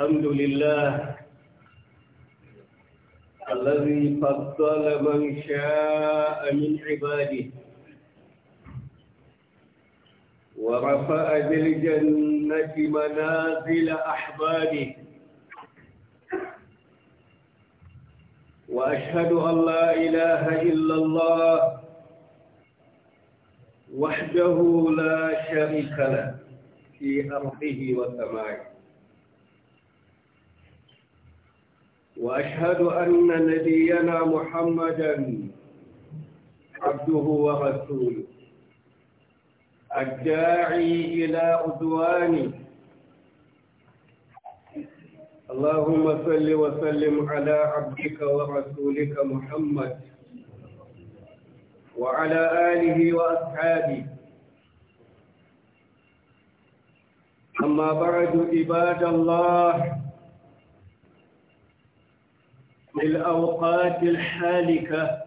الحمد لله الذي فضل من شاء من عباده ورفع بالجنة منازل أحبابه وأشهد أن لا إله إلا الله وحده لا شريك له في أرضه وسمائه وأشهد أن نبينا محمدا عبده ورسوله الداعي إلى أدوانه اللهم صل وسلم على عبدك ورسولك محمد وعلى آله وأصحابه أما بعد عباد الله في الأوقات الحالكة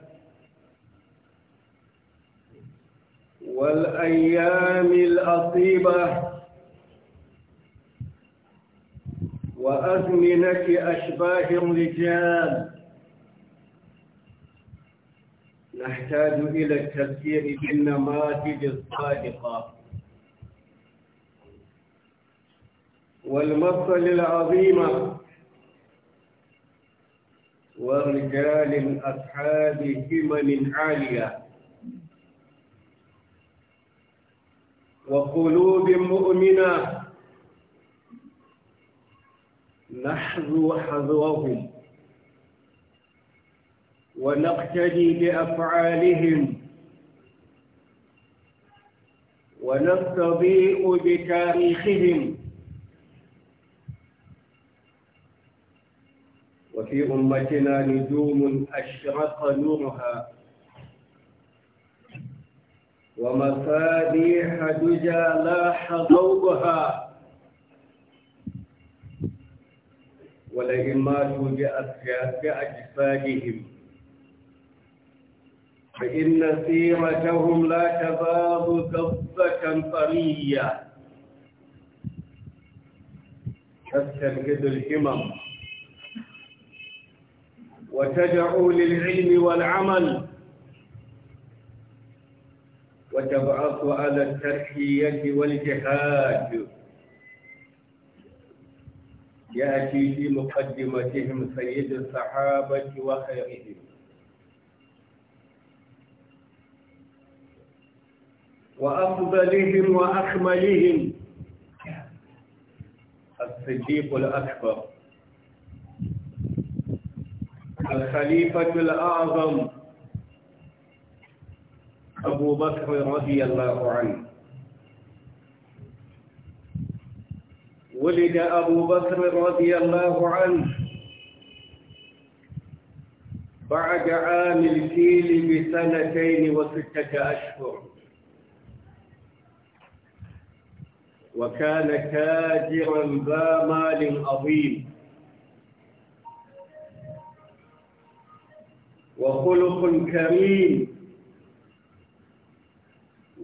والأيام الأطيبة وأزمنة أشباه الرجال نحتاج إلى التفكير بالنماذج الصادقة والمصل العظيمة ورجال أصحاب همم عالية وقلوب مؤمنة نحذو حذوهم ونقتدي بأفعالهم ونستضيء بتاريخهم وفي أمتنا نجوم أشرق نورها ومفاديح دجى لاح ضوءها ولئن في بأجسادهم فإن سيرتهم لا تباب كفة طرية تستنقذ الهمم وتجعوا للعلم والعمل وتبعثوا على الترحية والجهاد يأتي في مقدمتهم سيد الصحابة وخيرهم وأفضلهم وأكملهم الصديق الأكبر الخليفة الأعظم أبو بكر رضي الله عنه ولد أبو بكر رضي الله عنه بعد عام الفيل بسنتين وستة أشهر وكان تاجرا ذا مال عظيم وخلق كريم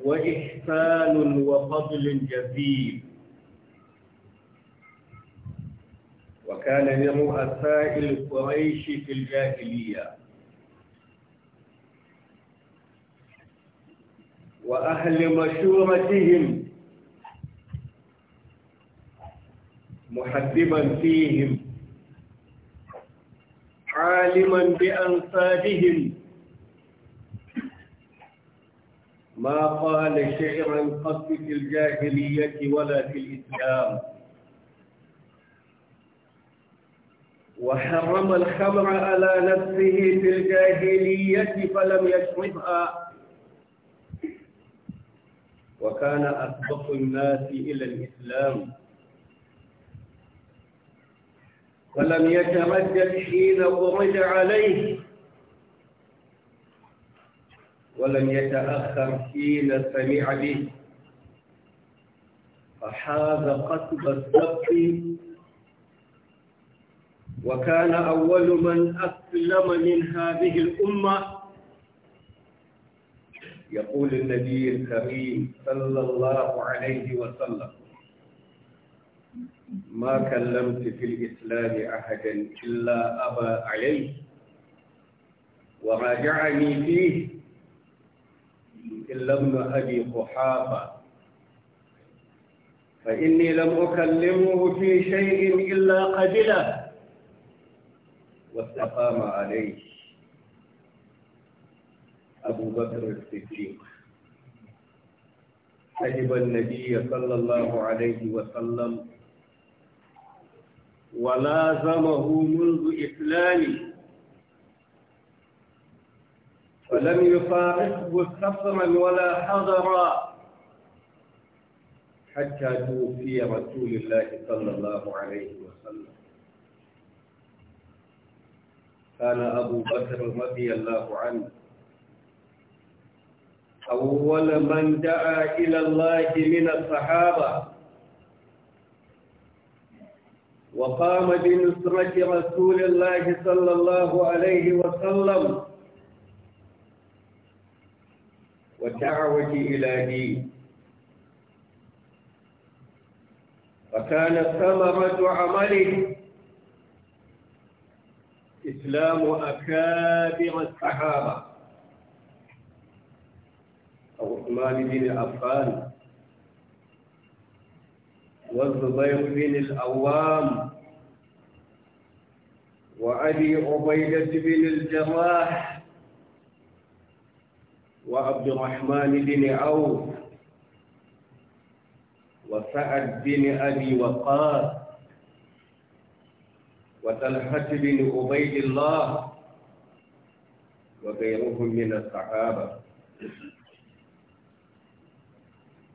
وإحسان وفضل جزيل وكان من رؤساء القريش في الجاهلية وأهل مشورتهم محببا فيهم عالما بأنفادهم ما قال شعرا قط في الجاهلية ولا في الإسلام وحرم الخمر على نفسه في الجاهلية فلم يشربها وكان أسبق الناس إلى الإسلام فلم يتردد حين قرج عليه ولم يتأخر حين سمع به فحاز قصب السبق وكان أول من أسلم من هذه الأمة يقول النبي الكريم صلى الله عليه وسلم ما كلمت في الإسلام أحدا إلا أبا عليه وراجعني فيه إلا ابن أبي قحافة فإني لم أكلمه في شيء إلا قبله واستقام عليه أبو بكر الصديق حجب النبي صلى الله عليه وسلم ولازمه منذ إسلامه ولم يفارقه سفرا ولا حضرا حتى توفي رسول الله صلى الله عليه وسلم كان أبو بكر رضي الله عنه أول من دعا إلى الله من الصحابة وقام بنصرة رسول الله صلى الله عليه وسلم ودعوة إلى دين وكان ثمرة عمله إسلام أكابر الصحابة أو عثمان بن عفان والزبير بن الأوام وأبي عبيدة بن الجراح وعبد الرحمن بن عوف وسعد بن أبي وقاص وطلحة بن عبيد الله وغيرهم من الصحابة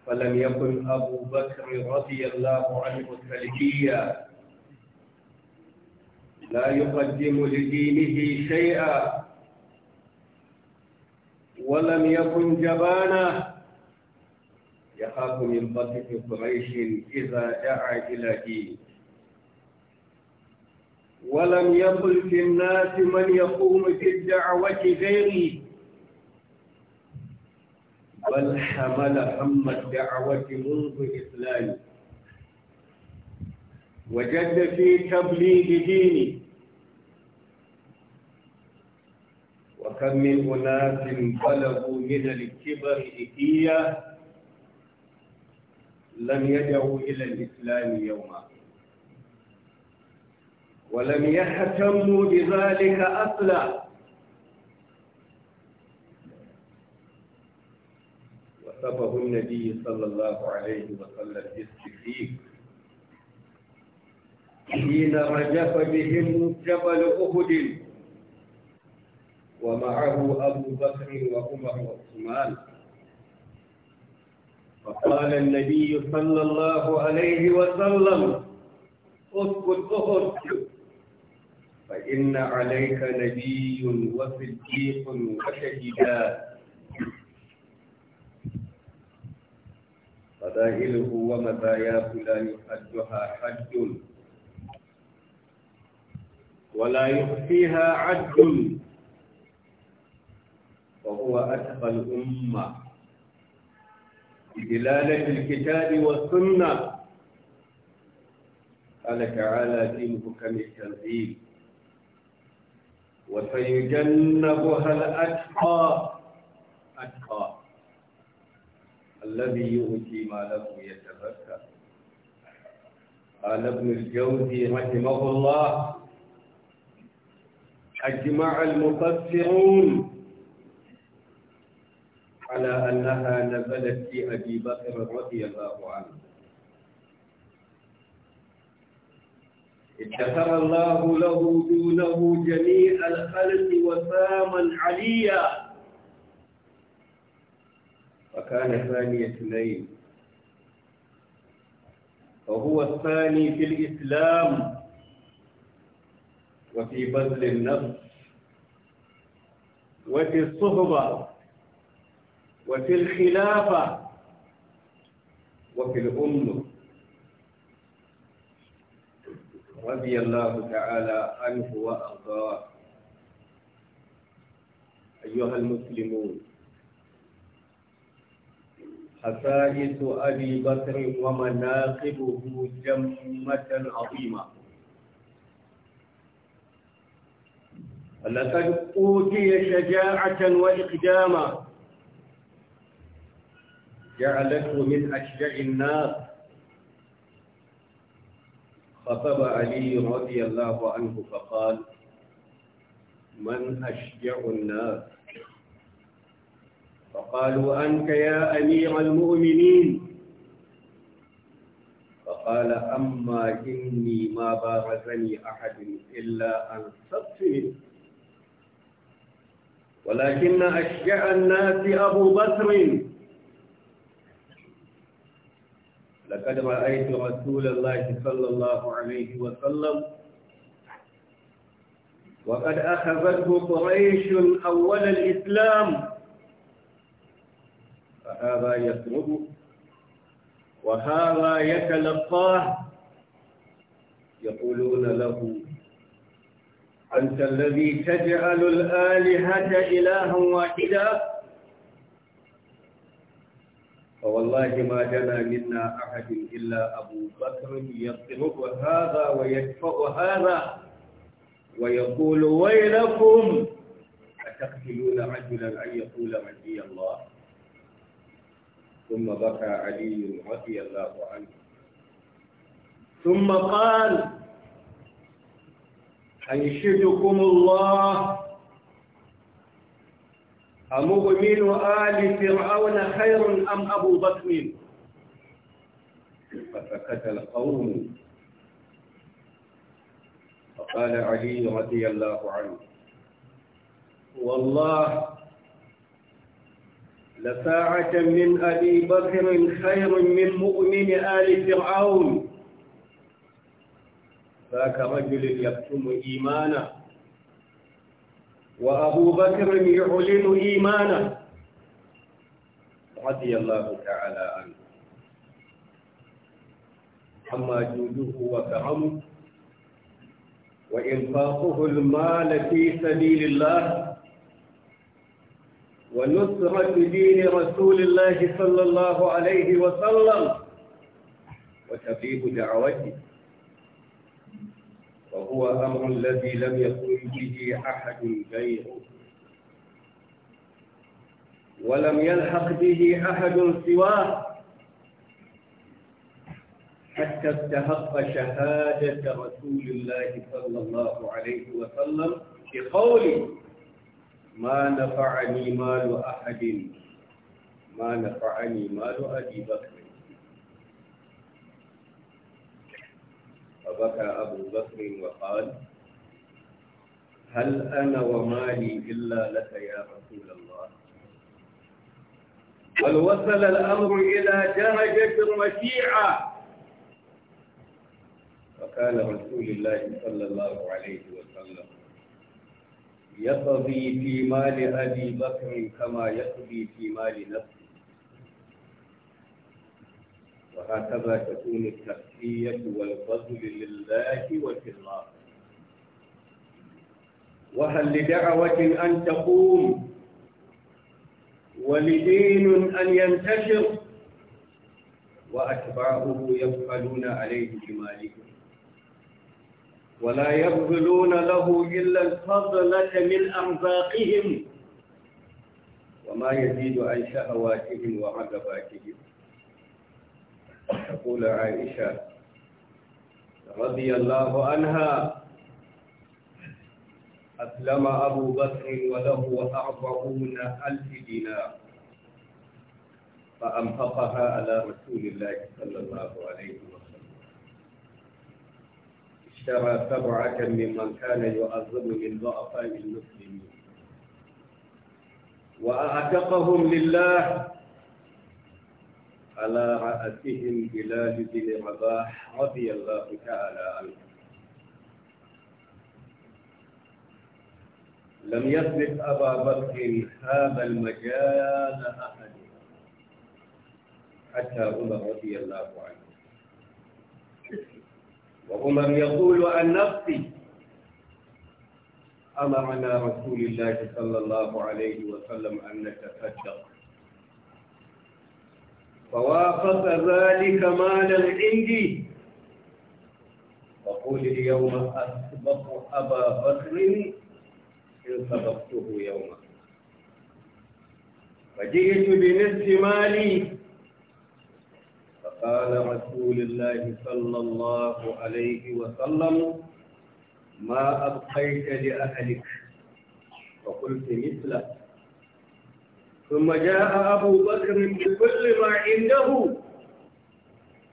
فلم يكن أبو بكر رضي الله عنه سلبيا لا يقدم لدينه شيئا ولم يكن جبانا يخاف من قتل قريش إذا دعا إلى دينه ولم يقل في الناس من يقوم في الدعوه غيري بل حمل هم الدعوة منذ إسلامي وجد في تبليغ ديني وكم من أناس بلغوا من الكبر إتيا لم يدعوا إلى الإسلام يوما ولم يهتموا بذلك أصلا وصفه النبي صلى الله عليه وسلم بالسفيك حين رجف بهم جبل أهد ومعه أبو بكر وعمر وعثمان فقال النبي صلى الله عليه وسلم اسكت اخرج فإن عليك نبي وصديق وشهدان فداهله ومزاياه لا يحدها حد ولا يخفيها عد وهو أتقى الأمة بدلالة الكتاب والسنة قال تعالى دينه محكم التنزيل وسيجنبها الأتقى أتقى الذي يؤتي ما له يتزكى قال ابن الجوزي رحمه الله أجمع المفسرون على أنها نزلت في أبي بكر رضي الله عنه اتخر الله له دونه جميع الخلق وساما عليا وكان ثاني اثنين وهو الثاني في الإسلام وفي بذل النفس وفي الصحبة وفي الخلافة وفي الأمة رضي الله تعالى عنه وأرضاه أيها المسلمون خصائص أبي بكر ومناقبه جمة عظيمة لقد أوتي شجاعة وإقداما جعلته من أشجع الناس خطب علي رضي الله عنه فقال من أشجع الناس فقالوا أنت يا أمير المؤمنين فقال أما إني ما بارزني أحد إلا أن صدفني ولكن أشجع الناس أبو بكر لقد رأيت رسول الله صلى الله عليه وسلم وقد أخذته قريش أول الإسلام فهذا يطلبه وهذا يتلقاه يقولون له أنت الذي تجعل الآلهة إلها واحدا فوالله ما جنى منا أحد إلا أبو بكر يطلب هذا ويدفع هذا ويقول ويلكم أتقتلون رجلا أن يقول عندي الله ثم بكى علي رضي الله عنه ثم قال أنشدكم الله أمؤمن آل فرعون خير أم أبو بكر فسكت القوم فقال علي رضي الله عنه والله لساعة من أبي بكر خير من مؤمن آل فرعون ذاك رجل يكتم إيمانه وأبو بكر يعلن إيمانه رضي الله تعالى عنه أما جوده وكرمه وإنفاقه المال في سبيل الله ونصرة دين رسول الله صلى الله عليه وسلم وتبليغ دعوته وهو أمر الذي لم يقم به أحد غيره ولم يلحق به أحد سواه حتى استحق شهادة رسول الله صلى الله عليه وسلم بقوله ما نفعني مال أحد ما نفعني مال أبي بكر فبكى أبو بكر وقال هل أنا ومالي إلا لك يا رسول الله بل وصل الأمر إلى درجة الرشيعة فكان رسول الله صلى الله عليه وسلم يقضي في مال أبي بكر كما يقضي في مال نفسه فهكذا تكون التخفية والفضل لله وفي الله وهل لدعوة أن تقوم ولدين أن ينتشر وأتباعه يبخلون عليه بمالهم ولا يبذلون له إلا الفضلة من أرزاقهم وما يزيد عن شهواتهم وعجباتهم تقول عائشة رضي الله عنها أسلم أبو بكر وله أربعون ألف دينار فأنفقها على رسول الله صلى الله عليه وسلم اشترى سبعة ممن كان يعظم من ضعفاء المسلمين وأعتقهم لله على رأسهم بلال بن رباح رضي الله تعالى عنه لم يسبق أبا بكر هذا المجال أحد حتى عمر رضي الله عنه وعمر يقول عن نفسي أمرنا رسول الله صلى الله عليه وسلم أن نتصدق فوافق ذلك مالا عندي فقل اليوم أسبق أبا بكر إن سبقته يوما فجئت بنصف مالي فقال رسول الله صلى الله عليه وسلم ما أبقيت لأهلك فقلت مثله ثم جاء أبو بكر بكل ما عنده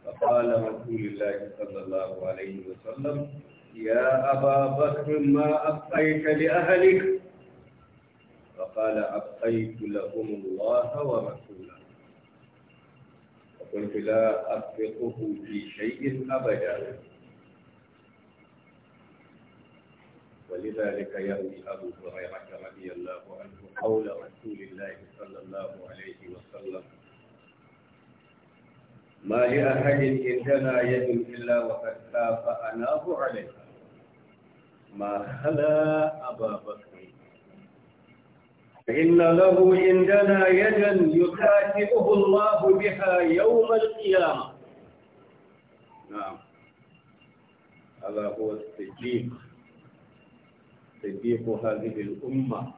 فقال رسول الله صلى الله عليه وسلم يا أبا بكر ما أبقيت لأهلك فقال أبقيت لهم الله ورسوله فقلت لا أبقه في شيء أبدا ولذلك يروي أبو هريرة رضي الله عنه قول رسول الله صلى الله عليه وسلم ما لأحد عندنا يد إلا وقد اناه عليها ما خلا أبا بكر فإن له عندنا يدا يكافئه الله بها يوم القيامة نعم هذا هو السجين صديق هذه الأمة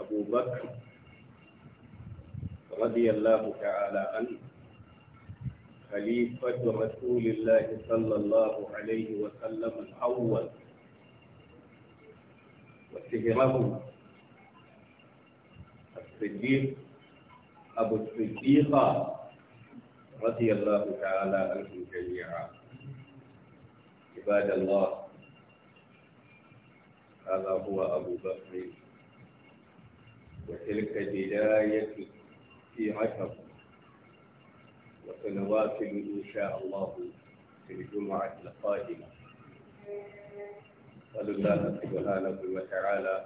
أبو بكر رضي الله تعالى عنه خليفة رسول الله صلى الله عليه وسلم الأول وسهره الصديق أبو الصديقة رضي الله تعالى عنهم جميعا عباد الله هذا هو أبو بكر وتلك بداية في عشر وسنواصل إن شاء الله في الجمعة القادمة أسأل الله سبحانه وتعالى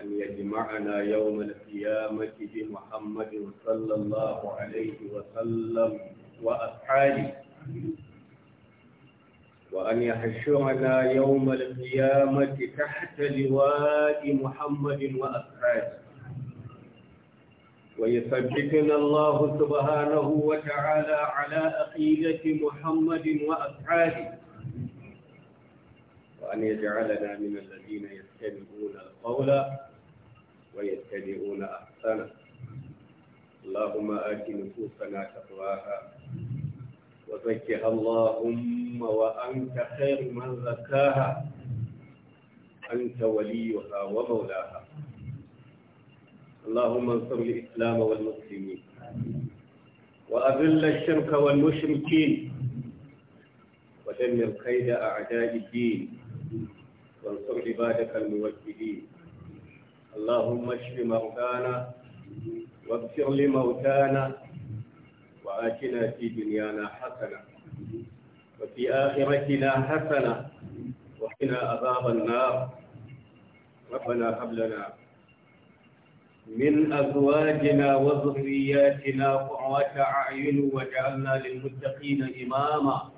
أن يجمعنا يوم القيامة بمحمد صلى الله عليه وسلم وأصحابه وأن يحشرنا يوم القيامة تحت لواء محمد وأصحابه ويثبتنا الله سبحانه وتعالى على أقيلة محمد وأصحابه وأن يجعلنا من الذين يتبعون القول ويتبعون أحسنه اللهم آت نفوسنا تقواها وزكها اللهم وأنت خير من زكاها أنت وليها ومولاها اللهم انصر الإسلام والمسلمين وأذل الشرك والمشركين ودمر قيد أعداء الدين وانصر عبادك الموحدين اللهم اشف مرضانا واغفر لموتانا وآتنا في دنيانا حسنة وفي آخرتنا حسنة وقنا عذاب النار ربنا هب لنا من أزواجنا وذرياتنا قرة أعين وجعلنا للمتقين إماما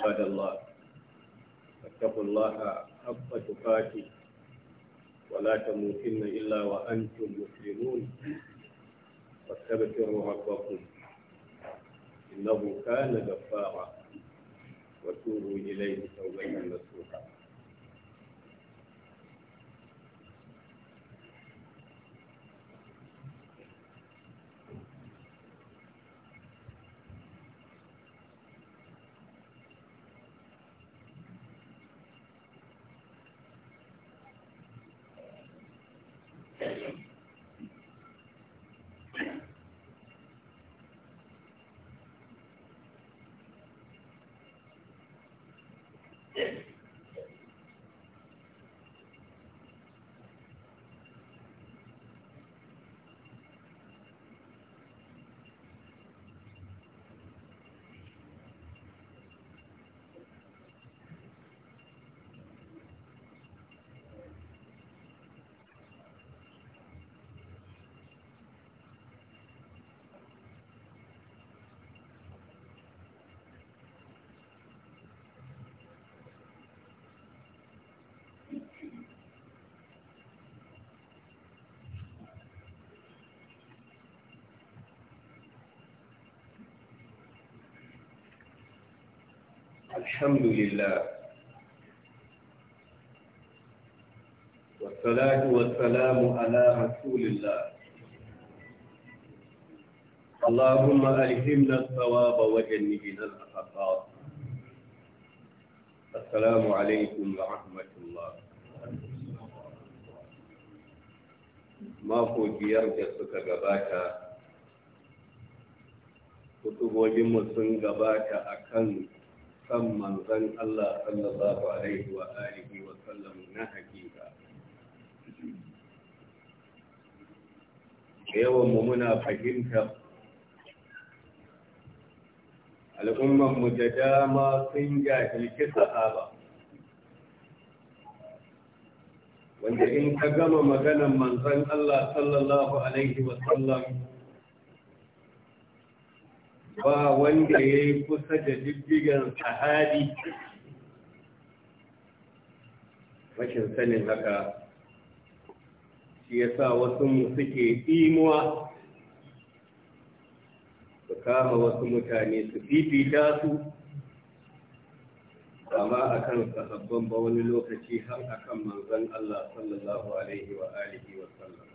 عباد الله فاتقوا الله حق تقاته ولا تموتن إلا وأنتم مسلمون فاستغفروا ربكم إنه كان غفارا وتوبوا إليه توبة نصوحا الحمد لله والصلاة والسلام على رسول الله اللهم ألهمنا الثواب وجنبنا الأخطاء السلام عليكم ورحمة الله ما هو da جسك gabata كتب sun gabata أكنك kan manzan Allah sallallahu alaihi wa alihi wa sallam na hakika yawan mu muna fahimtar. al'umman da dama sun jahilci sahaba wanda in ka gama maganan manzan Allah sallallahu alaihi wa sallam ba wanda ya yi kusa da diddigan sahabi rashin sanin haka shi ya sa wasu mu suke imuwa su kama wasu mutane su fifita su amma a kan sahabban ba wani lokaci har a kan manzan Allah sallallahu Alaihi wa alihi wa sallam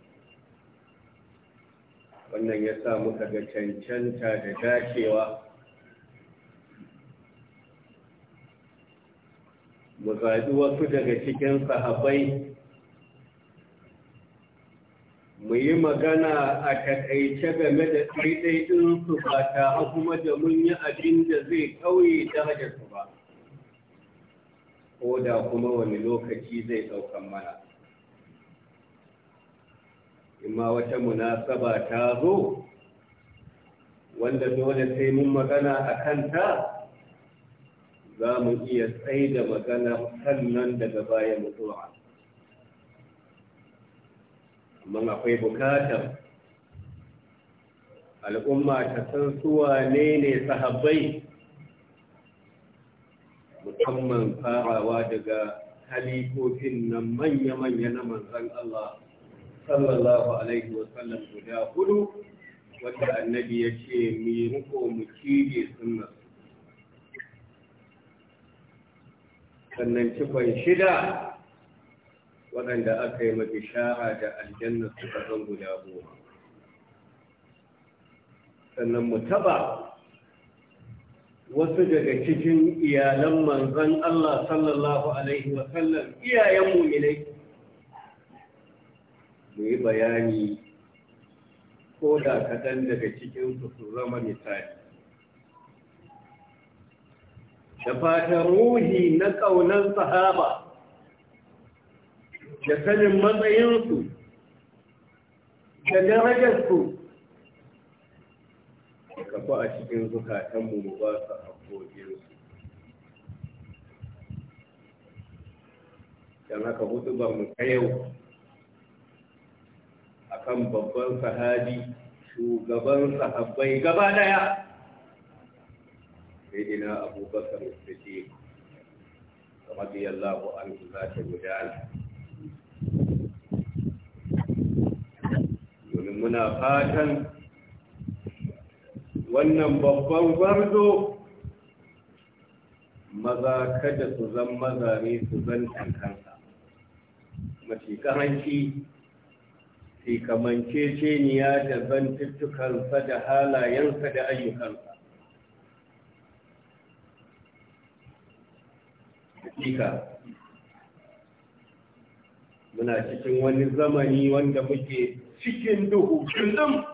wannan ya sa muka ga cancanta da dacewa mu zaɓi wasu daga cikin sahabbai mu yi magana a takaice game da ɗaiɗaiɗinsu ba ta kuma da mun yi abin da zai ƙauye darajarsu ba ko da kuma wani lokaci zai ɗaukan mana imma wata munasaba ta zo wanda dole sai mun magana a kanta za mu iya tsaye da magana sannan daga bayan mutuwa amma akwai bukatar al'umma ta san suwa ne ne sahabbai musamman farawa daga halifofin nan manya-manya na manzan Allah sallallahu alaihi wa sallam guda hudu wanda annabi ya ce mu yi mu cije sunna sannan cikon shida waɗanda aka yi mafi mabishara da aljanna suka zan guda goma sannan mu taba wasu daga cikin iyalan manzan Allah sallallahu Alaihi wasallam iyayen muminai ku yi bayani ko da kaɗan daga cikin su su zama misali da fata ruhi na ƙaunar sahaba da sanin matsayinsu da darajarsu da kafa a cikin zukatan mu ba su haƙoƙinsu Dan haka hudu ba mu ta yau akan babban sahabi shugaban sahabbai gaba daya Sai ina abubakar siddiq radiyallahu anhu za ta gudana domin muna fatan wannan babban gwarzo maza kada su zan maza ne su zan kankansa mace karanci fi kamanceceniya da bantuttukansa da halayensa da ayyukansa hakika muna cikin wani zamani wanda muke cikin duhu kullum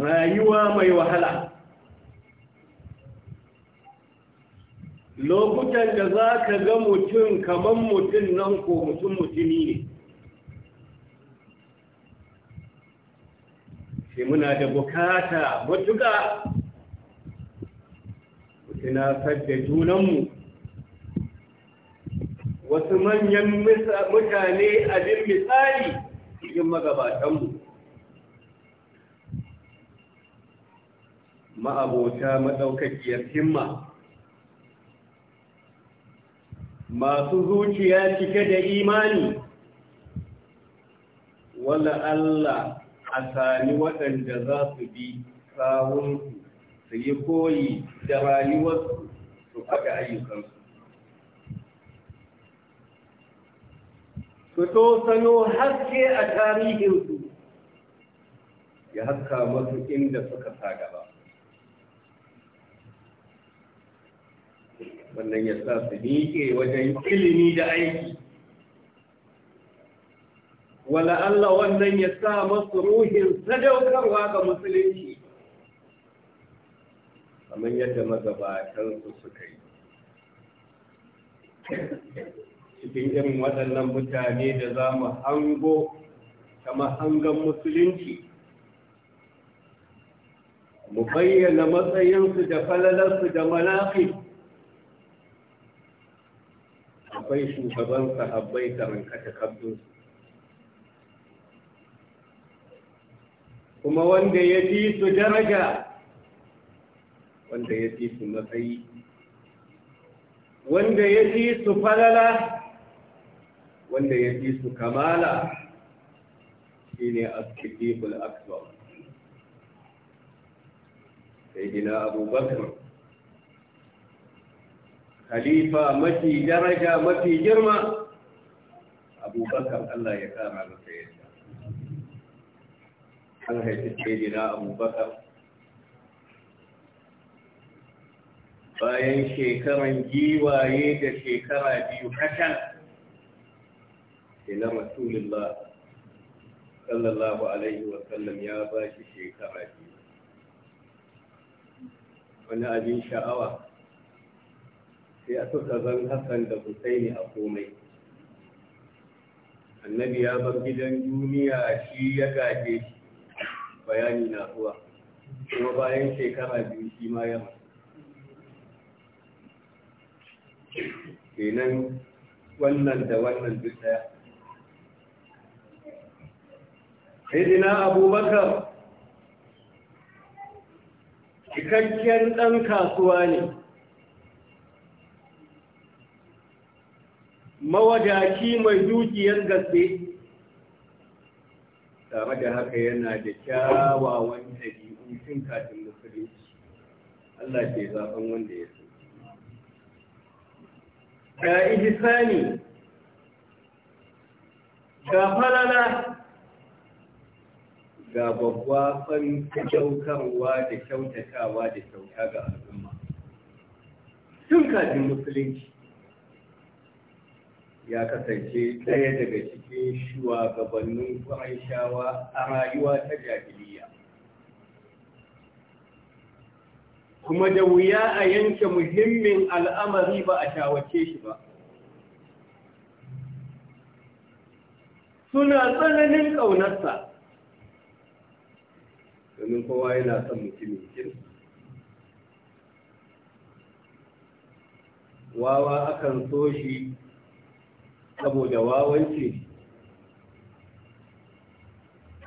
rayuwa mai wahala lokutan da za ka ga mutum kamar mutum nan ko mutum mutumi ne sai muna da bukata matuka mutuna da junanmu wasu manyan mutane abin misali cikin magabatanmu ma'abota maɗaukakiyar himma masu zuciya cike da imani wala Allah a sami waɗanda za su bi sawunsu su yi koyi da rayuwarsu su faɗa ayyukansu su to sano haske a tarihinsu ya haska masu inda suka sa gaba wannan ya sa su miƙe wajen ilimi da aiki wala Allah wannan ya sa masu ruhin sadaukarwa ga musulunci kamar yadda su suka yi cikin irin waɗannan mutane da za mu hango ta mahangan musulunci mu bayyana matsayinsu da falalarsu da malafi akwai shugaban sahabbai karan kata kabdun kuma wanda ya fi su daraja wanda ya fi su matsayi wanda ya fi su falala wanda ya fi su kamala shi ne askidibul akbar sai gina abubakar khalifa mafi daraja mafi girma abubakar Allah ya kara masa yadda an haifi sayyidina abubakar bayan shekaran giwaye da shekara biyu kacal ila rasulullah sallallahu alaihi wa sallam ya ba shi shekara biyu wani abin sha'awa sai suka zan Hassan da Husaini a komai annabi ya bar gidan duniya shi ya gaje shi bayani na zuwa kuma bayan shekara biyu shi ma ya kenan wannan da wannan duk daya Sayyidina Abubakar cikakken ɗan kasuwa ne mawadaci mai dukiyar gaske tare da haka yana da kyawawan ɗabi'u tun kafin musulunci Allah ke zafin wanda ya so ga ihisani ga falala ga babba kan kyaukarwa da kyautatawa da kyauta ga al'umma tun kafin musulunci ya kasance ɗaya daga cikin shugabannin shawa a rayuwa ta jahiliya kuma da wuya a yanke muhimmin al'amari ba a shawace shi ba suna tsananin ƙaunarsa domin kowa yana son mutumin kirki wawa akan so shi saboda wawanci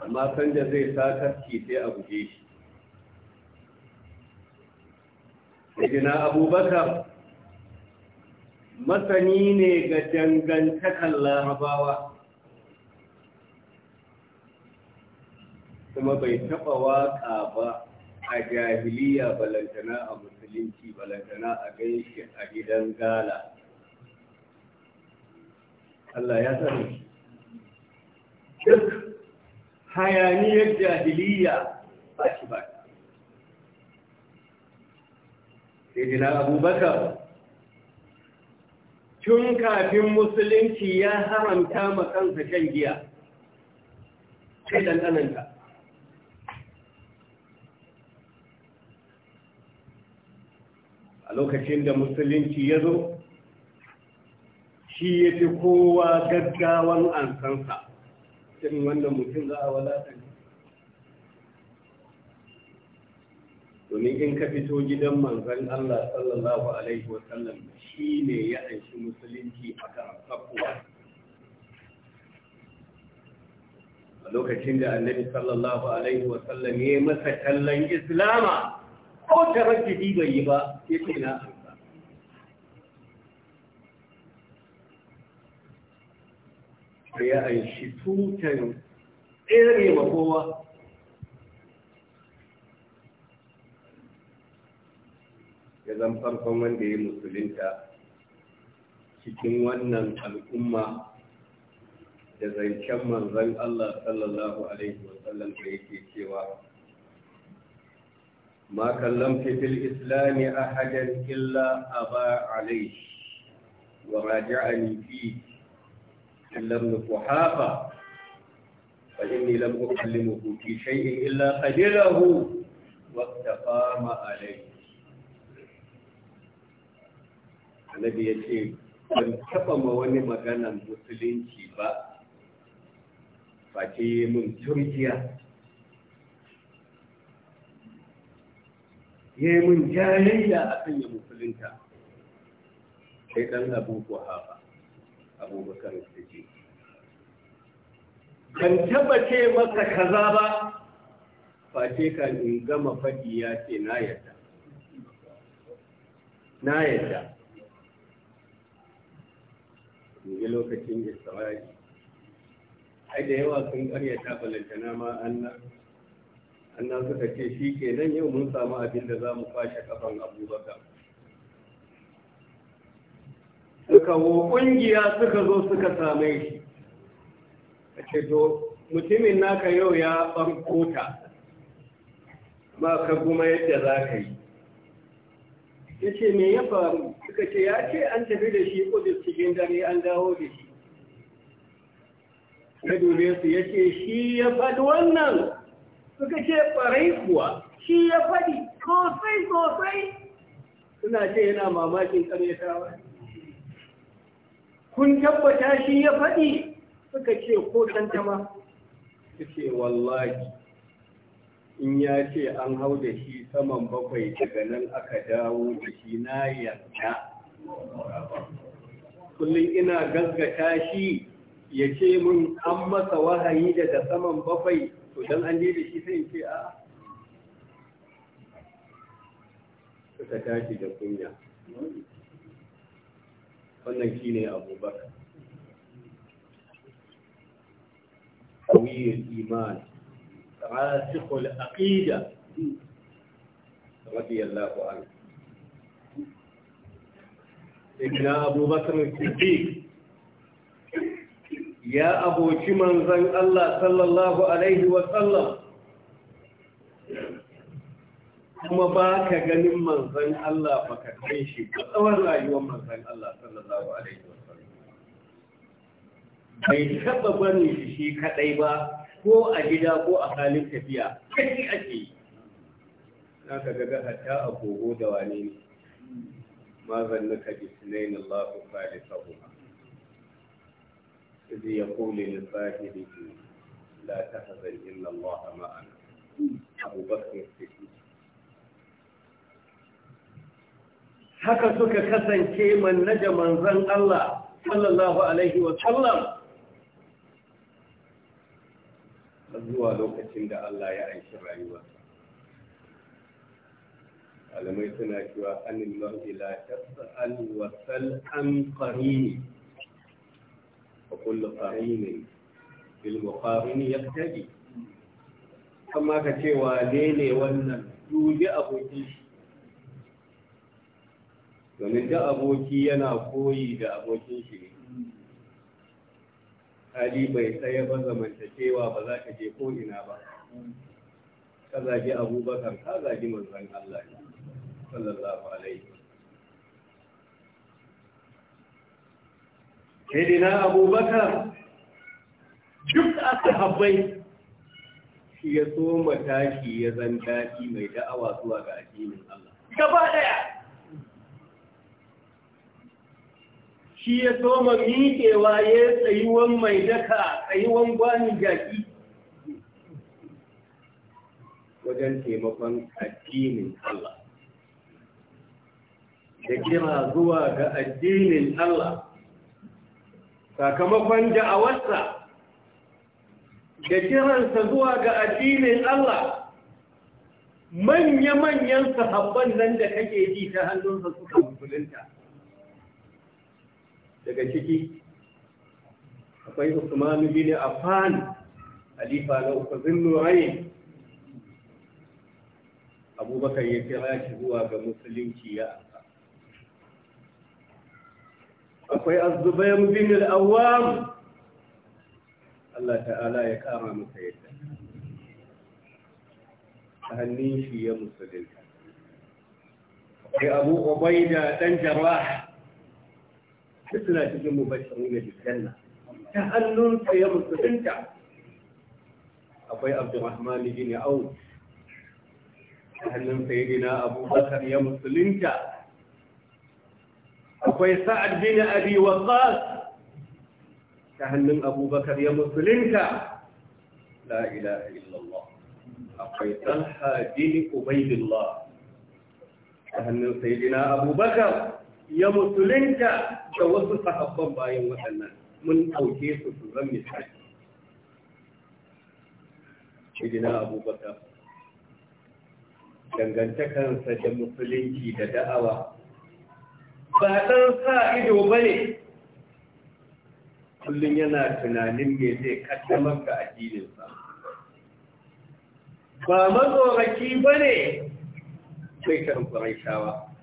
amma sanda zai sa kaski sai a guje shi Sayyidina Abubakar masani ne ga dangantakan larabawa kuma bai taɓa waƙa ba a jahiliya balantana a musulunci balantana a ganshi a gidan gala Allah ya sani duk hayaniyar jahiliya ba shi ba sai abubakar tun kafin musulunci ya haramta ma kansa shan giya sai ɗanɗananta a lokacin da musulunci ya zo shi ya fi kowa gaggawan ansansa cikin wanda mutum za a wadatanta domin in ka fito gidan manzan Allah sallallahu Alaihi wasallam shi ne ya anshi musulunci a kan sakuwa a lokacin da annabi sallallahu Alaihi wasallam ya yi masa kallon islama ko ta rajidi bai yi ba ya ce na da ya aishi tutan tsere ma kowa ya zan farkon wanda ya musulunta cikin wannan al'umma da zancen manzan Allah sallallahu Alaihi wasallam da yake cewa ma kallon fil islami ahadan illa aba alaihi wa raja'ani fi إلا ابن قحافة فإني لم أكلمه في شيء إلا خجله واستقام عليه ya ce ban taɓa ma wani maganan musulunci ba yi min turkiya ya yi mun jayayya a kan yi musulunta sai ɗan abu ba abubakar siddiq ban taba ce maka kaza ba face ka in gama faɗi ya ce na yadda na yadda yi lokacin da tsawari ai da yawa sun karyata na ma annan annan suka ce shi ke nan yau mun samu abin da za mu kwashe kafan abubakar kawo ƙungiya suka zo suka same shi a ce to mutumin naka yau ya ɓarkota ta ba ka kuma yadda za ka yi ya ce me ya faru suka ce ya ce an tafi da shi ko da cikin dare an dawo da shi ya dube su ya ce shi ya faɗi wannan suka ce ɓarai kuwa shi ya faɗi sosai sosai suna ce yana mamakin ƙaryatawa kun tabbata shi ya faɗi suka ce ko tantama su ce wallahi in ya ce an hau da shi saman bakwai daga nan aka dawo da shi na yarda kullum ina gaskata shi ya ce mun an masa wahayi daga saman bakwai to don an da shi sai ce a suka tashi da kunya wannan shi ne abubakar kawiyar imani rasikul aqida radiyallahu anhu ibn abubakar siddiq ya aboci manzon Allah sallallahu alaihi wa sallam kuma ba ka ganin manzan Allah ba ka kai shi ba tsawon rayuwar manzan Allah sallallahu alaihi wasallam bai taɓa bane shi shi kadai ba ko a gida ko a halin tafiya kai ake yi na ka gaga hatta a kogo da wane ne ma zanna ka bi sunayin Allah ku Su sabuwa izi ya kule lissahi da ke la ta hazan illa Allah ma'ana abubakar Bakar haka suka kasance mannaja manzan Allah sallallahu alaihi wa sallam zuwa lokacin da Allah ya aishi rayuwa alamai suna cewa anil mar'i la tas'al wa sal an qarini wa kullu qarinin bil ya yaqtadi amma ka cewa ne ne wannan duje abokin shi domin da aboki yana koyi da abokin shi ne hali bai tsaye ba zamantakewa ba za ka je ko ina ba ka zagi abubakar ka zagi manzan Allah sallallahu alaihi na abubakar duk aka habbai shi ya so matashi ya zan daɗi mai da'awa zuwa ga addinin Allah gaba daya shi ya soma miƙewa ya tsayuwan mai daka tsayuwan gwani jaki wajen taimakon addinin Allah da kira zuwa ga addinin Allah sakamakon da'awarsa da kiransa zuwa ga addinin Allah manya-manyan sahabban nan da kake ji ta hannunsa suka musulunta daga ciki akwai usmanu bin Afan, halifa na uku zinnu ayin abubakar ya kira shi zuwa ga musulunci ya ansa akwai azubair bin al-awwam Allah ta'ala ya kama masa yadda a hannun shi ya musulunta akwai abu ubaida dan jarrah حسنا تجي مبشر في الجنه تهلل فيمت انت ابي عبد الرحمن يجيني او تهلل سيدنا ابو بكر يمت انت ابي سعد بن ابي وقاص تهلل ابو بكر يمت انت لا اله الا الله ابي طلحه بن عبيد الله تهلل سيدنا ابو بكر ya musulunta da wasu sahabban bayan waɗannan mun ɗauke su su zan misali shidina abubakar dangantakansa da musulunci da da'awa ba ɗan sa ido ba ne kullum yana tunanin me zai kaddamar ga addininsa ba matsoraki ba ne sai karin shawa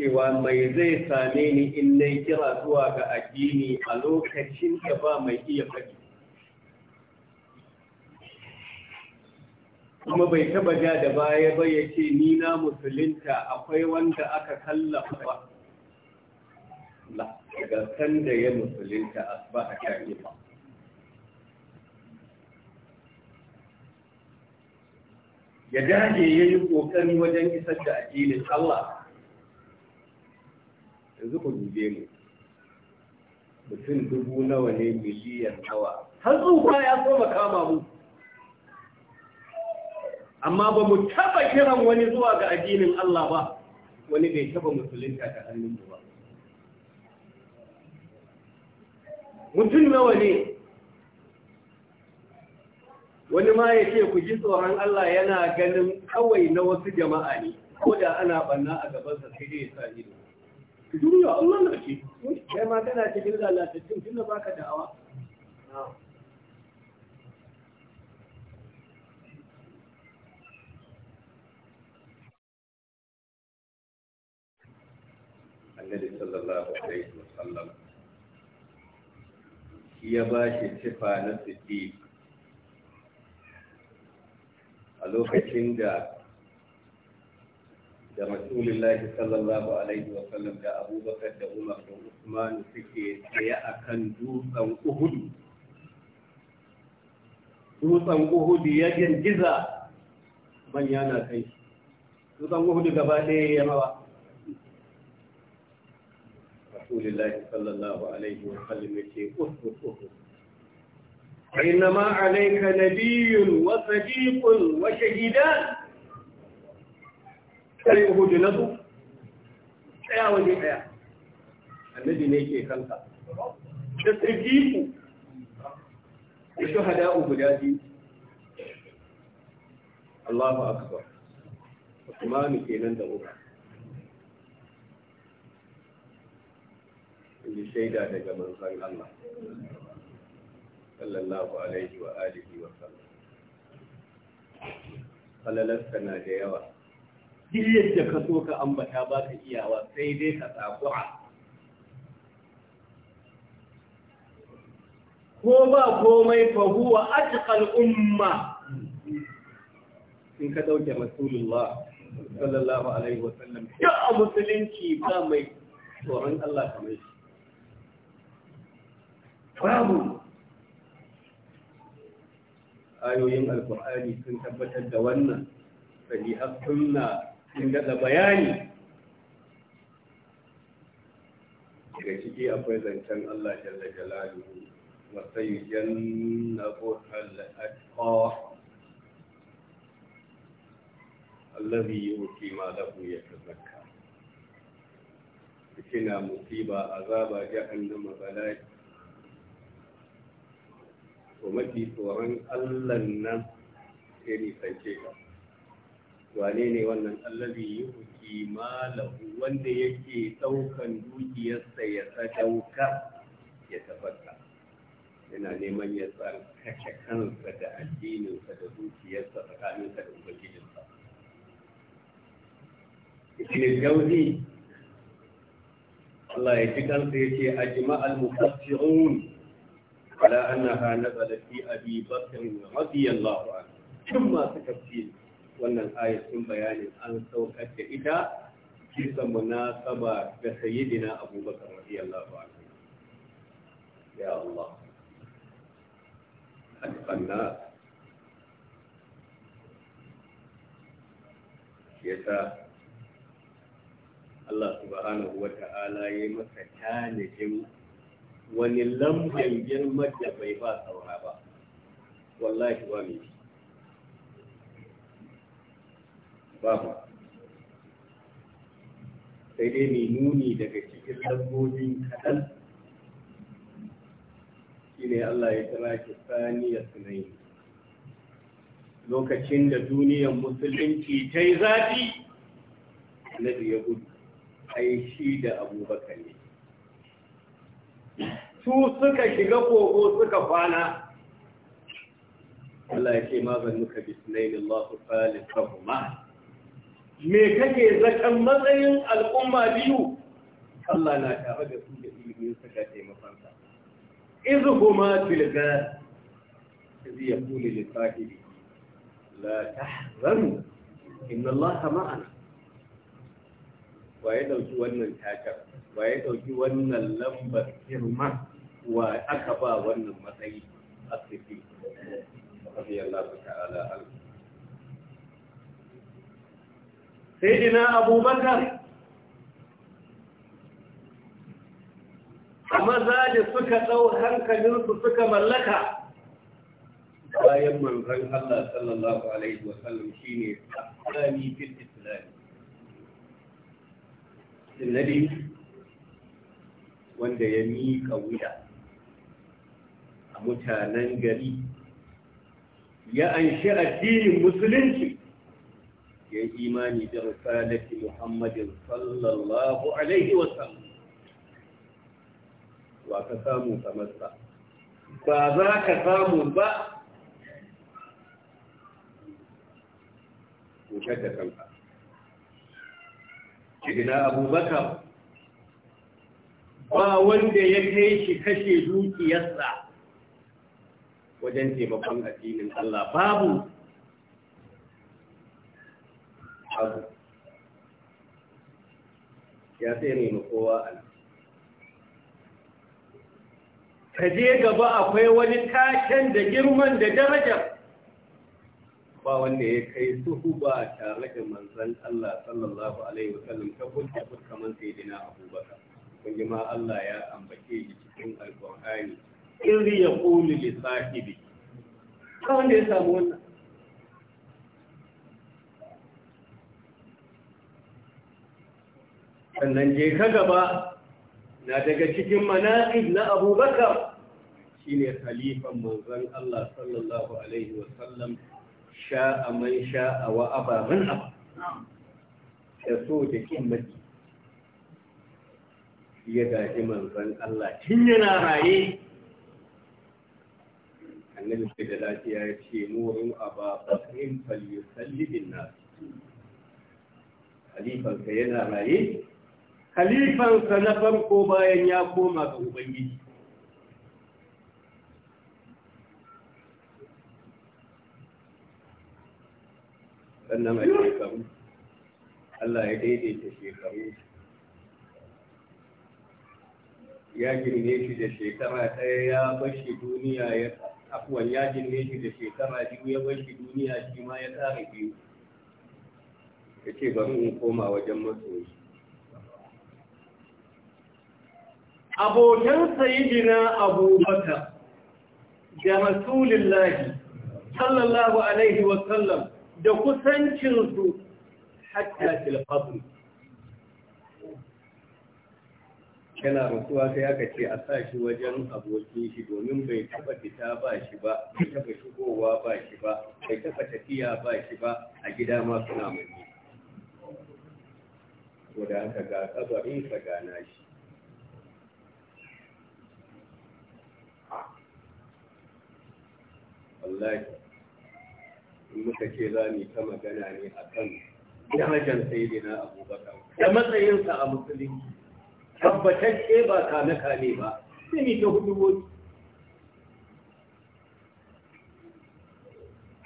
cewa mai zai same ni in na kira zuwa ga addini a lokacin da ba mai iya faɗi kuma bai taba ja da baya ba ya ce ni na musulunta akwai wanda aka kallafa ba daga san da ya musulunta kyanye ba ya dage ya yi ƙoƙari wajen isar da addinin Allah yanzu ku dube mu mutum dubu nawa ne miliyan nawa har tsufa ya soma kama mu amma ba mu taba kiran wani zuwa ga addinin Allah ba wani bai taba musulunta ta hannun ba mutum nawa ne wani ma ya ce ku ji tsoron Allah yana ganin kawai na wasu jama'a ne ko da ana banna a gabansa sai dai ya sa ido duniya Allah na ce kai ma tana cikin lalatattun tun da baka da'awa Annabi sallallahu alaihi wa sallam ya ba shi sifa na siddiq a lokacin da da rasulullahi sallallahu alaihi wa sallam da abubakar da umar da usman suke tsaye a kan dutsen uhud dutsen uhud ya girgiza ban yana kai dutsen uhud gaba ɗaya ya mawa rasulullahi sallallahu alaihi wa sallam ya ce uskus uhud nabiyyun wa sadiqun wa shahidan tare uku junansu tsaya waje ɗaya annabi ne ke kanka da sirgiku da shuhada guda biyu Allahu akbar Usmanu kenan da uba in shaida daga manzon Allah sallallahu alaihi wa alihi wa sallam falalarsa na da yawa duk yadda ka so ka ambata ba ka iyawa sai dai ka tsakura ko ba komai fa huwa atqal umma in ka dauke rasulullah sallallahu alaihi wa sallam ya musulunci ba mai tsoron Allah kamar shi babu ayoyin alkur'ani sun tabbatar da wannan sahihar sunna sun daɗa bayani daga ciki akwai zancen Allah jalla janna ko sayyujannabu Allah atqa yi yuti ma lahu da kina musiba azaba jahannama bala'i to mafi tsoron Allah nan sai ni sanke ka wane ne wannan allazi yuki malahu wanda yake daukan dukiyarsa ya sadauka ya tabbata yana neman ya tsarkake kansa da addininsa da dukiyarsa tsakaninsa da ubangijinsa ibn jauzi Allah ya ji kansa ya ce ajma al mufassirun ala annaha nazalat fi abi bakr radiyallahu anhu kuma su tafsiri wannan ayatun bayanin an saukar da ita na saba da sayyidina abubakar radiyallahu anhu ya Allah atqanna yasa Allah subhanahu wa ta'ala ya masa tanajin wani lambar girma da bai ba saura ba wallahi ba mai babu sai dai mai nuni daga cikin dabbobin kaɗan shi ne Allah ya kira ki ya sunai lokacin da duniyar musulunci ta yi zafi na ya gudu aishi shi da abubakar ne su suka shiga kogo suka kwana Allah ya ce ma zan bi bisnayin Allah su falin me kake zakan matsayin al'umma biyu Allah na tare da su da ilimin saka taimakonsa izu kuma tilga zai ya kule da sahiri la ta zanu inna Allah ma'ana wa ya dauki wannan takar wa ya dauki wannan lambar girma wa aka ba wannan matsayi a sifi rabiyallahu ta'ala alku sayyidina abubakar maza da suka ɗau hankalinsu suka mallaka bayan manzan Allah sallallahu alaihi wa sallam shine tsakani fil wanda ya miƙa wuya a mutanen gari ya anshi addinin musulunci ya imani da risalati Muhammadin sallallahu alaihi wa sallam wa ka samu kamar sa ba za ka samu ba cutar da kanka Sayyidina Abubakar ba wanda ya kai shi kashe dukiyarsa wajen taimakon addinin Allah babu ahadu ya tsere mu kowa al ka je gaba akwai wani tashen da girman da darajar ba wanda ya kai suhu ba tare da manzan Allah sallallahu alaihi wasallam ta hujja kamar sayyidina Abubakar kun ji ma Allah ya ambace shi cikin alqur'ani in ya qulu li sahibi ka wanda ya samu wannan sannan je ka gaba na daga cikin manaƙib na abubakar shi ne khalifan manzan Allah sallallahu Alaihi wasallam sha'a man sha'a wa ababen abu Ya so da kin maki ya gaji manzan Allah tun yana raye annabi sai da lafiya ya ce murin aba bakrin na bin nas khalifanka yana raye halifansa na farko bayan ya koma ga ubangiji sannan a shekaru Allah ya daidaita shekaru ya girme shi da shekara ɗaya ya bashi duniya ya afuwan ya girme shi da shekara biyu ya bashi duniya shi ma ya tsara biyu ya ce bari in koma wajen masoyi abokan sayidina abubakar da rasulullahi sallallahu alaihi wasallam da kusancinsu hatta filfafin yana rasuwa sai aka ce a sa shi wajen abokin shi domin bai taba fita ba shi ba bai taba shigowa ba shi ba bai taba tafiya ba shi ba a gida ma suna mai wadda aka ga kabarin sa gana shi wallahi in muka ce za mu ta magana ne a kan darajar sayidina abubakar da matsayinsa a musulunci Tabbatar tabbatacce ba kame kame ba sai ni ta hudu wani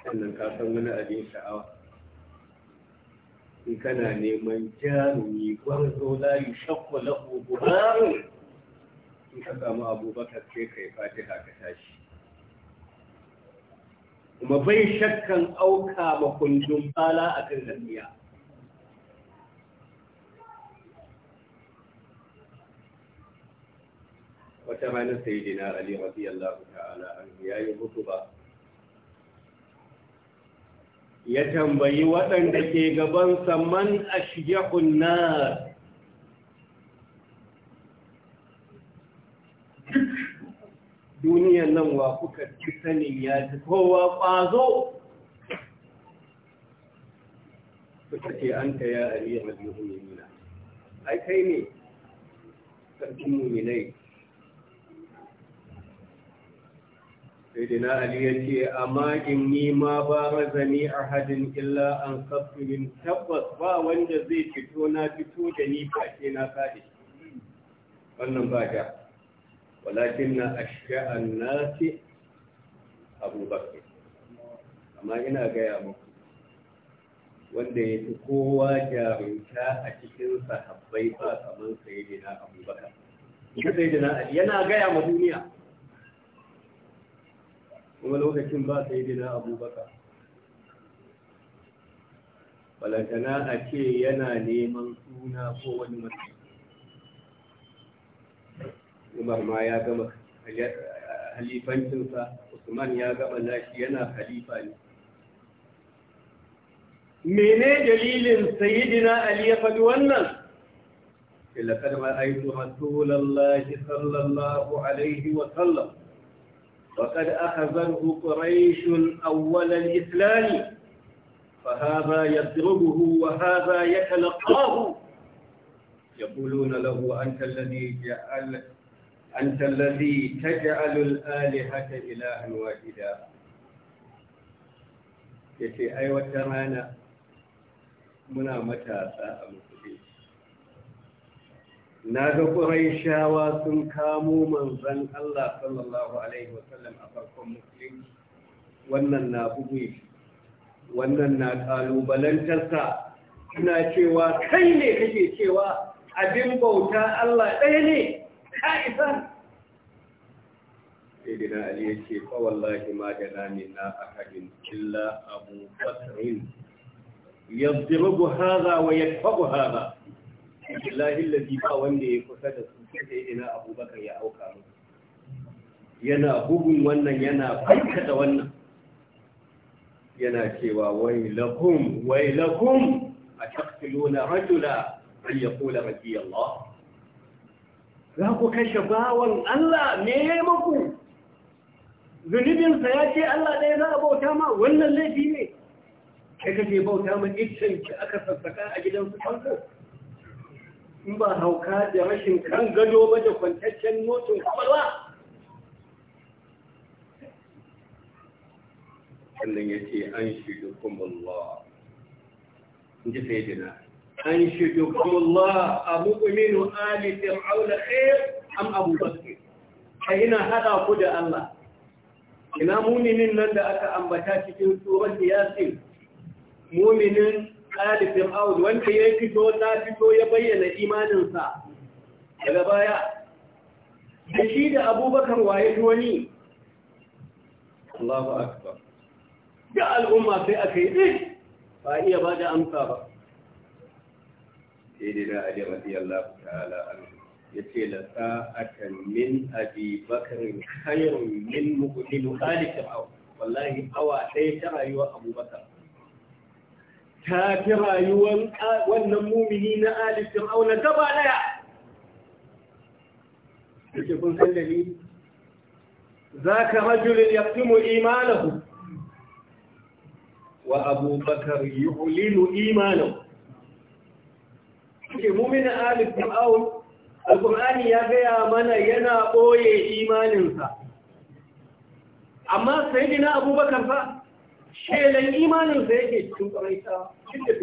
sannan ka san wani abin sha'awa in kana neman jarumi gwarzo layu shakwa lahu buhari in ka samu abubakar sai kai fatiha ka tashi kuma bai shakkan auka ma kundin bala a kan gaskiya wata ranar dina ali radiyallahu ta'ala an ya yi hutuba ya tambayi waɗanda ke gaban saman ashiyahun nar duniyan nan wa kuka ci sanin ya ci kowa ƙwazo suka ce an ta ya ariya al-mu'minina ai kai ne sarkin mu'minai sai dina ali ce amma in nima ma ba razani a hadin illa an sabbin tabbas ba wanda zai fito na fito da ni ba na kaɗe wannan ba ja walakin na الناس nasi abubakar amma ina gaya muku wanda ya fi kowa jarumta a cikin sahabbai ba kamar sayyidina abubakar sayyidina yana gaya ma duniya kuma lokacin ba sayyidina abubakar balantana a ce yana neman suna ko wani umar ma ya gama halifancinsa usman ya gama nashi yana halifa ne mene dalilin sayidina ali ya faɗi wannan لقد رأيت رسول الله صلى الله عليه وسلم وقد أخذته قريش أول الإسلام فهذا يضربه وهذا يتلقاه يقولون له أنت الذي جعلت أنت الذي تجعل الآلهة إلها واحدا يتي أي وترانا منا متى ساء Na ga ƙuraishawa sun kamo manzan Allah sallallahu Alaihi wasallam a farkon musulmi wannan na bugu wannan na ƙalubalantarsa suna cewa kai ne kake cewa abin bauta Allah ɗaya ne ka'isa sai dina ali ya ce fawallahi ma da a hadin killa abu bakarin yadribu haza wa yadfagu haza billahi allazi ba wanda ya kusa da su sai abubakar ya auka mu yana bugun wannan yana da wannan yana cewa wai lakum wai lakum a taqtuluna rajula an yaqula rabbi allah za ku kashe bawan Allah me ya zunubinsa ya ce Allah ɗaya za a bauta ma wannan laifi ne kai kake bauta ma iccen ki aka sassaka a gidan su in ba hauka da rashin kan gado ba da kwantaccen notin kwakwalwa sannan ya ce an shi dukkan Allah in ji sai dina an shiddukullah a mu'minu ali fir'auna khair am abu bakr kai ina hada ku da Allah ina mu'minin nan da aka ambata cikin tsoron yasin mu'minin ali fir'auna wanda ya fito na fito ya bayyana imaninsa daga baya da shi da abubakar waye wani Allahu da al'umma sai aka yi ba iya ba da amsa ba sayyidina ali radiyallahu ta'ala anhu yace la sa'atan min abi bakr khayrun min mu'min ali fir'aun wallahi awa ɗaya ta rayuwar abubakar ta fi rayuwar wannan mumini na ali fir'aun gaba daya yace kun san dalili zaka rajulun yaqtimu wa abubakar yu'linu imanahu ke mumina alif fir'aun alqur'ani ya gaya mana yana ɓoye imaninsa amma sayyidina abubakar fa shelan imaninsa yake cikin ƙaraita cikin da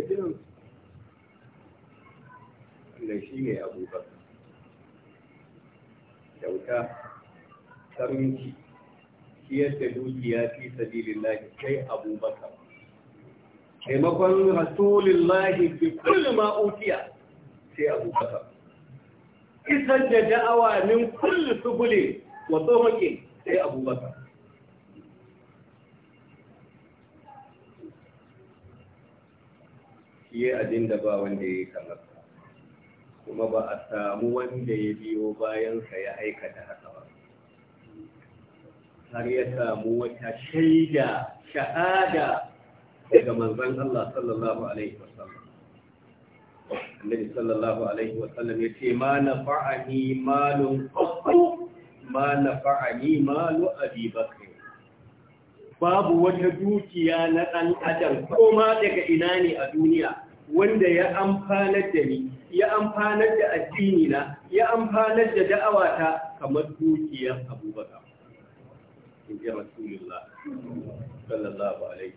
shi. da shi ne abubakar kyauta karinci ciyar da dukiya fi sabilillahi kai abubakar taimakon rasulillahi fi kulli ma utiya sai kasa. isar da da'awa min kulli subulin wa tsohon sai abubakar yi abin da ba wanda ya yi kamar kuma ba a samu wanda ya biyo bayansa ya aikata haka ba har ya samu wata shaida shahada daga manzan Allah sallallahu alaihi wasallam annabi sallallahu alaihi wasallam ya ce ma nafa'ani malun qattu ma nafa'ani malu abi bakr babu wata dukiya na dan adam ko ma daga ina ne a duniya wanda ya amfana da ni ya amfanar da addini na ya amfana da da'awata kamar dukiyar abubakar in ji rasulullah sallallahu alaihi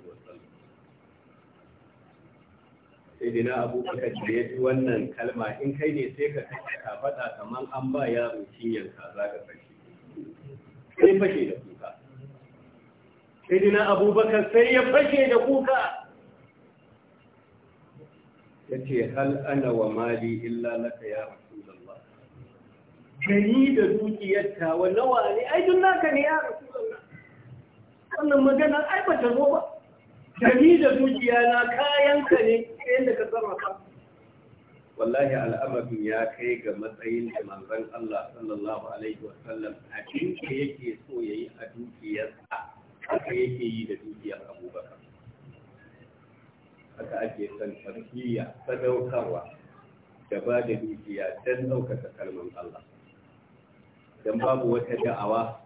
sai abu suka ce ya wannan kalma in kai ne sai ka ka faɗa kamar an ba yaro cinyar ka za ka fashe sai fashe da kuka sai abu abubakar sai ya fashe da kuka ya ce hal ana wa mali illa laka ya rasulallah gani da dukiyarta wa nawa ne ai dun naka ne ya rasulallah wannan magana ai ba ta zo ba gani da dukiya na kayan ka ne ka yadda ka sarrafa wallahi al'amarin ya kai ga matsayin da manzon Allah sallallahu alaihi wa sallam abin da yake so yayi a dukiyarsa haka yake yi da dukiyar Abubakar haka ake san tarbiyya sadaukarwa da ba da dukiya don ɗaukaka kalman Allah don babu wata da'awa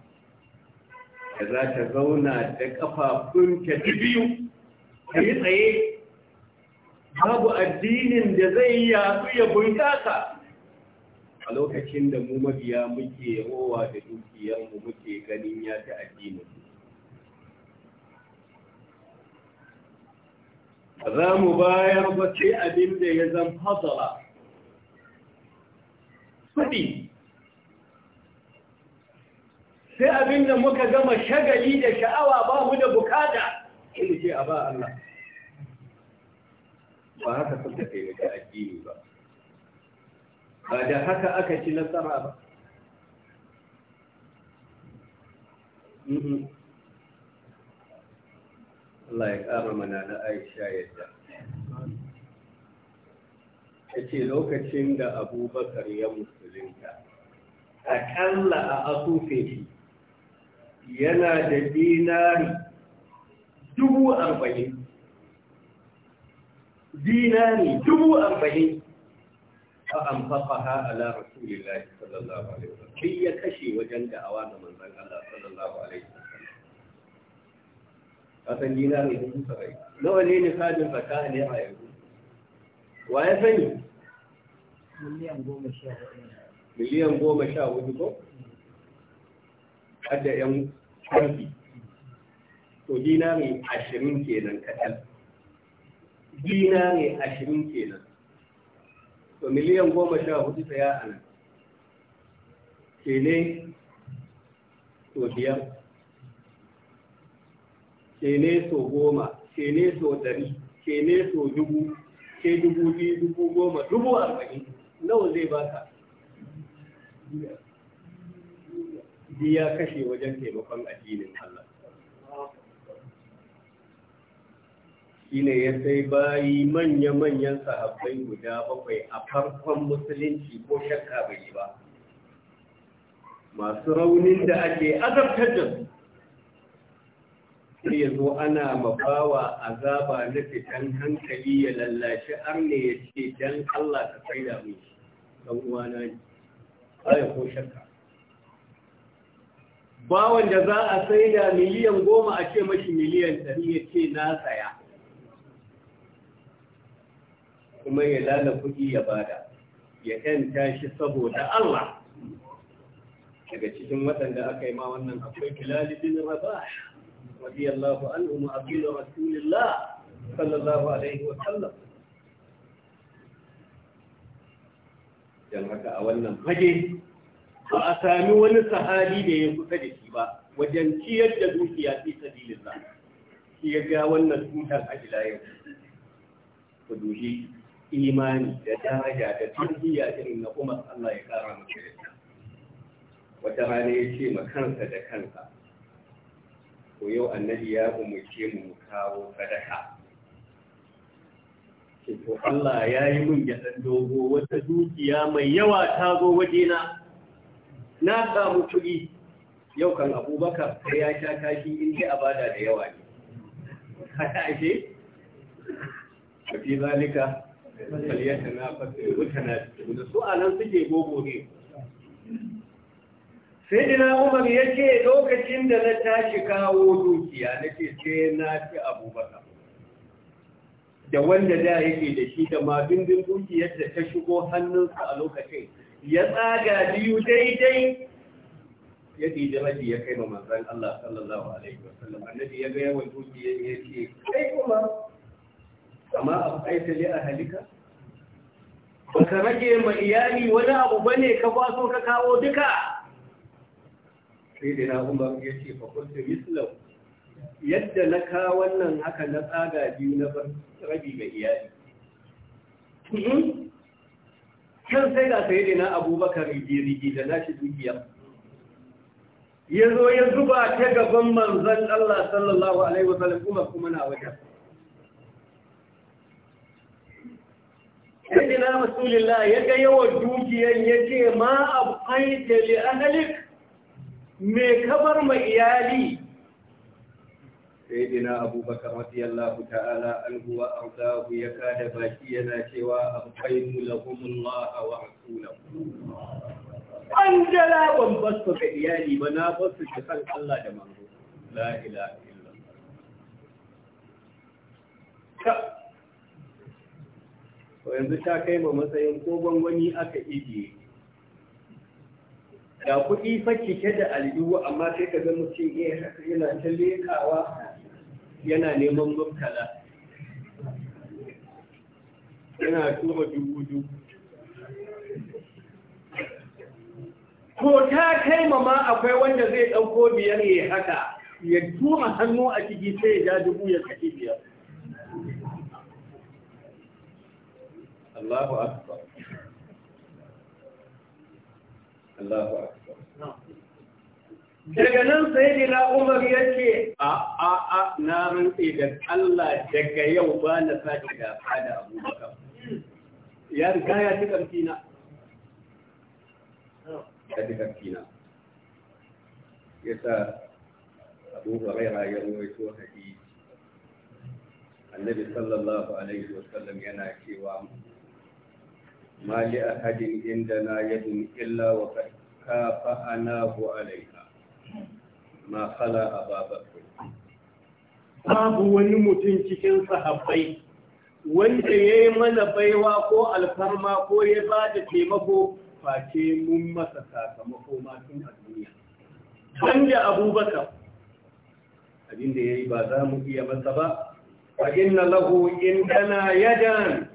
da za ta zauna da ƙafafunta biyu ta yi tsaye babu addinin da zai yaɗu ya bunƙasa a lokacin da mu mabiya muke rowa da dukiyarmu muke ganin ya ta addinin za mu bayar ba sai abin da ya zan hasara kuɗi sai abin da muka gama shagali da sha'awa ba mu da bukata ilike a ba Allah ba haka suka taimaki addini ba ba da haka aka ci nasara ba mm-hmm. Allah ya ƙara mana na Aisha yadda. Ta ce lokacin da abubakar ya musulunta, aƙalla a asufe shi yana da dinari dubu arba'in dinani dubu a fa anfaqaha ala rasulillahi sallallahu alaihi wasallam kai ya kashe wajen da'awa da manzon Allah sallallahu alaihi wasallam kasan dinani dubu sarai nawa ne ne kadin zakka ne a yanzu wa ya sani miliyan goma sha hudu miliyan goma ko hadda yan kwanfi to dinani ashirin kenan kaɗan dinare ashirin kenan to miliyan goma sha hudu ta ya nan kene so biyar kene so goma kene so dari kene so dubu ke dubu biyu dubu goma dubu arba'in nawa zai baka biya kashe wajen taimakon addinin Allah shine ya sai bayi manya-manyan sahabbai guda bakwai a farkon musulunci ko shakka bai yi ba masu raunin da ake azabtar da su ya zo ana mabawa azaba na fitan hankali ya lallashi arne ya ce don Allah ka kai da mu don uwana ne baya ko shakka bawan da za a sai da miliyan goma a ce mashi miliyan ɗari ya ce na saya kuma ya lala kuɗi ya bada ya yanta shi saboda Allah daga cikin waɗanda aka yi ma wannan akwai Bilal bin Rabah radiyallahu anhu mu'abbil Rasulillah sallallahu alaihi wa sallam dan haka a wannan fage ba a sami wani sahabi da ya kusa da shi ba wajen ciyar da dukiya fi sabilillah shi ya ga wannan tutar ajila yau ku duhi imani da daraja da tarbiyya irin na Umar Allah ya kara da yadda wata rana ya ce ma kansa da kansa Ko yau annabi ya umarce mu mu kawo sadaka ko Allah ya yi min gyaɗan dogo wata dukiya mai yawa ta zo wajena na samu kuɗi yau kan abubakar sai ya sha kashi in dai abada da yawa ne Ka haka Ka fi zalika falyata na fasir mutana da na a nan suke gogo ne sai dina umar ya ce lokacin da na tashi kawo dukiya na ce sai na ci abubakar da wanda da yake da shi da ma dindin dukiyar da ta shigo hannunsa a lokacin ya tsaga biyu daidai ya da rabi ya kai ma manzan Allah sallallahu Alaihi wasallam annabi ya ga yawan dukiyar ya ce kai kuma kama a aita li a halika ba ka rage ma iyali wani abu ba ne ka kwaso ka kawo duka sai da na umar ya ce fa kuntu mislau yadda na kawo wannan haka na tsaga biyu na rabi ga iyali mm-hmm. can sai ga sai da na abubakar rigirigi da nashi dukiya ya zo ya zuba ta gaban manzan Allah sallallahu Alaihi wasallam kuma kuma na wajen yadda rasulullah ya ga yawan dukiyar ya ce ma abin da li'analik mai kabar mai iyali dina abubakar radiyallahu ta'ala alhu wa ardahu ya kada baki yana cewa abaitu lahumullah wa rasulahu an jala ban basu ga iyali ba na basu ga san Allah da manzo la to yanzu ta kai ma matsayin ko gwangwani aka ijiye da kuɗi fa cike da al'iwu amma sai ka ga mutum yana ta lekawa yana neman murtala yana tura dubu dubu ko ta kai ma ma akwai wanda zai ɗauko biyar ya haka ya tura hannu a ciki sai ya ja dubu ya saki biyar Allahu akbar Allahu akbar daga nan sai dina umar ya ce a a a na rantse da Allah daga yau ba na sake da da abubakar ya riga ya ci ƙarfi na ya ci ƙarfi na ya sa abu huraira ya ruwaito hadisi annabi sallallahu alaihi wasallam yana cewa ما لأحد عندنا يد إلا وقد كافأناه عليها ما خلا أبا بكر babu wani mutum cikin sahabbai wanda ya yi mana baiwa ko alfarma ko ya ba da taimako face mun masa sakamako tun a duniya. Wanda abubakar abinda ya yi ba za mu iya masa ba, wa inna in indana yadan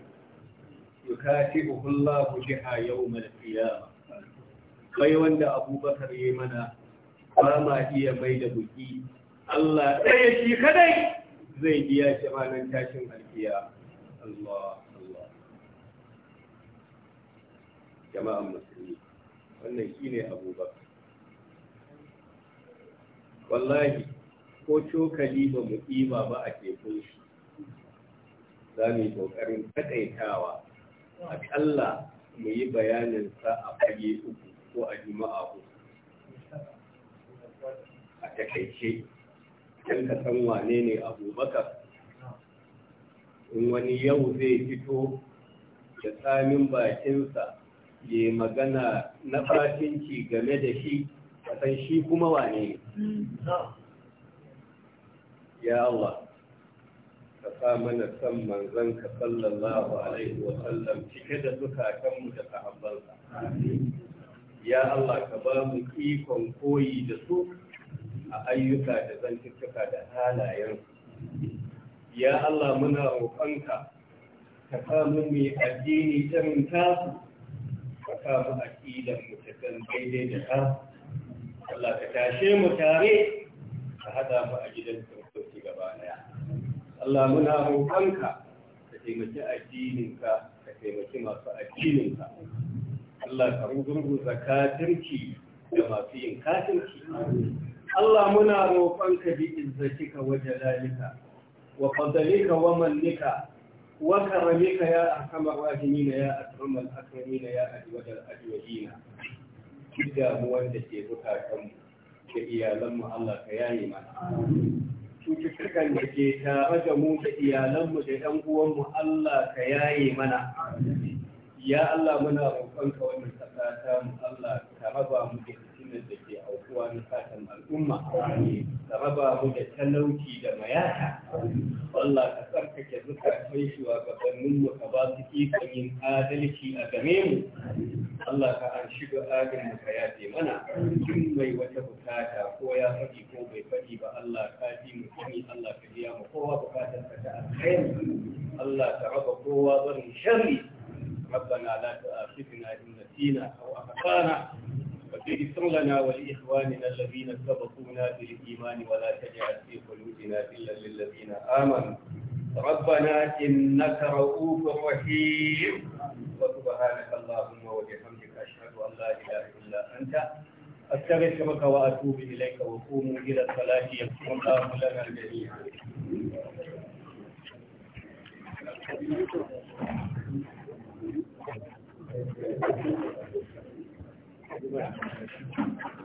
yukatibuhu Allah biha yawm al-qiyamah kai wanda Abubakar yayi mana ba ma iya mai da buki Allah ɗaya shi kadai zai biya shi ranar tashin alkiya Allah Allah jama'an musulmi wannan shine Abubakar wallahi ko cokali ba mu ɗiba ba a tekun shi za mu yi ƙoƙarin taƙaitawa a Allah mu yi bayanin sa a fage uku ko a juma'a ko a takaice kan ka san wane ne abubakar in wani yau zai fito da tsamin bakinsa ya magana na fatinci game da shi a san shi kuma wane ne mm. ya Allah haskaka mana san manzanka sallallahu alaihi wa sallam cike da zukatanmu da sahabbansa ya Allah ka ba mu ikon koyi da su a ayyuka da zantuttuka da halayen ya Allah muna roƙonka ka sa mu mai addini irin tasu ka sa mu aqidan mu ta kan daidai da ta Allah ka tashe mu tare ka hada mu a gidan Allah muna roƙonka ka taimaki addininka ka taimaki masu addininka Allah ka rugurguza katirki da masu yin katirki Allah muna roƙonka bi izzatika wa jalalika wa fadlika wa mallika wa karamika ya arhamar rahimin ya akramal akramin ya ajwajal ajwajina duk damuwar da ke bukatanmu da iyalanmu Allah ka yaye mana cututtukan da ke tare da mu da iyalanmu da ɗan uwanmu Allah ka yaye mana ya Allah muna roƙonka wannan tsakata mu Allah ka raba mu da cikin da ke Wa misatan al'umma da raba mu da talauci da mayata Allah ka tsarkake zukatan shugabannin mu ka ba su ikon yin adalci a game mu Allah ka an shiga agin mu ka yafe mana tun mai wata bukata ko ya faɗi ko bai faɗi ba Allah ka ji mu sani Allah ka biya mu kowa bukatar ka ta alkhairi Allah ka raba kowa barin sharri ربنا لا تؤاخذنا إن نسينا أو أخطأنا اغفر لنا ولإخواننا الذين سبقونا بالإيمان ولا تجعل في قلوبنا إلا للذين آمنوا ربنا إنك رؤوف رحيم وسبحانك اللهم وبحمدك أشهد أن لا إله إلا أنت أستغفرك وأتوب إليك وقوموا إلى الصلاة يغفر الله لنا جميعا Thank you. Thank you.